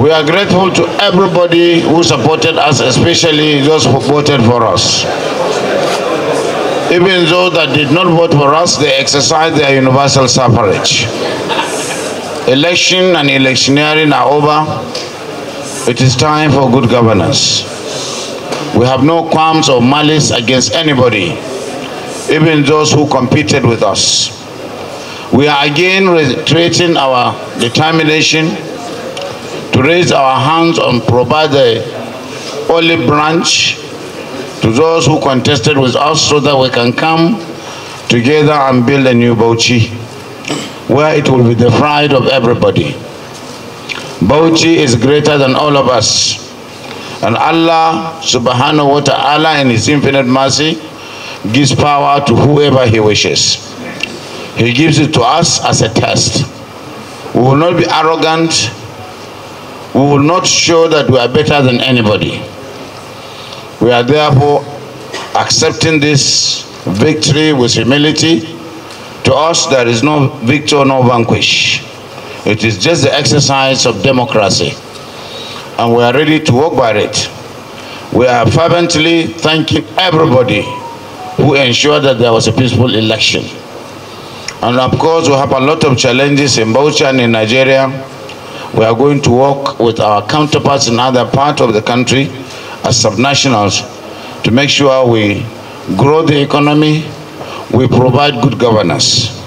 We are grateful to everybody who supported us, especially those who voted for us. Even though that did not vote for us, they exercised their universal suffrage. Election and electioneering are over. It is time for good governance. We have no qualms or malice against anybody, even those who competed with us. We are again reiterating our determination to raise our hands and provide the olive branch to those who contested with us so that we can come together and build a new Bauchi where it will be the pride of everybody. Bauchi is greater than all of us. And Allah subhanahu wa ta'ala in his infinite mercy gives power to whoever he wishes. He gives it to us as a test. We will not be arrogant we will not show that we are better than anybody. We are therefore accepting this victory with humility. To us, there is no victor, no vanquish. It is just the exercise of democracy. And we are ready to work by it. We are fervently thanking everybody who ensured that there was a peaceful election. And of course, we have a lot of challenges in Bauchi in Nigeria we are going to work with our counterparts in other parts of the country as subnationals to make sure we grow the economy, we provide good governance.